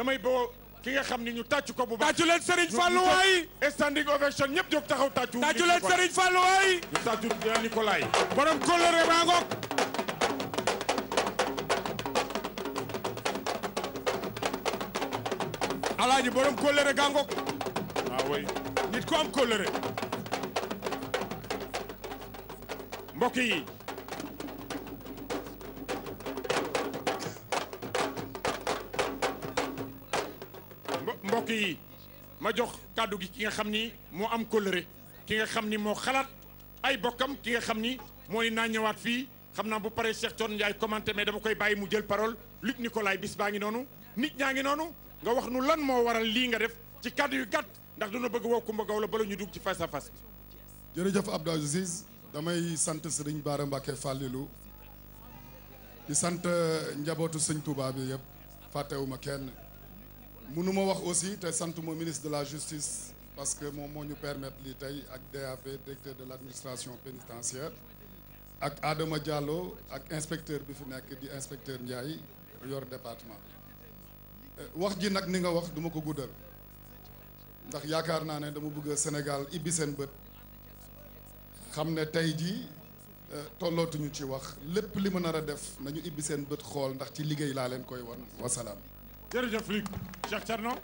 damay ki nga xam ni ñu tàcc ko bu baax. tàccu leen Serigne Fallou waay. ñëpp jóg taxaw tàccu. tàccu leen Serigne Fallou borom kóllëre maa ngoog. alaaji borom kóllëre gaa ah, nit ku am kóllëre. mbokk yi. mbokk yi ma jox kàddu gi ki nga xam ni moo am kóllëre ki nga xam ni moo xalaat ay bokkam ki nga xam ni moo ni naa ñëwaat fii xam naa bu paree Cheikh Thione Ndiaye commenté mais dama koy bàyyi mu jël parole Luc Nicolaï bis baa ngi noonu nit ñaa ngi noonu nga wax nu lan moo waral lii nga def ci kàddu yu gàtt ndax duna bëgg woo Kumba la bala ñu dugg ci face à jërëjëf Abdou Aziz damay sant Serigne Bara Mbacké Fallilou di sant euh, njabootu Sëñ Touba bi yëpp fàttewuma kenn mënuma wax aussi te sant ma ministre de la justice parce que moom moo ñu permettre li tey ak DAP directeur de l' administration pénitentiaire ak aadama Diallo ak inspecteur bi fi nekk di inspecteur Ndiaye yor département eh, wax ji nag ni nga wax duma ko guddal ndax yaakaar naa ne dama bëgg Sénégal ibbi seen bët xam ne tey jii eh, tollootuñu ci wax lépp li ma nar a def nañu ibbi seen bët xool ndax ci liggéey laa leen koy wan wasalaam jërëjëf Luc Cheikh Thierno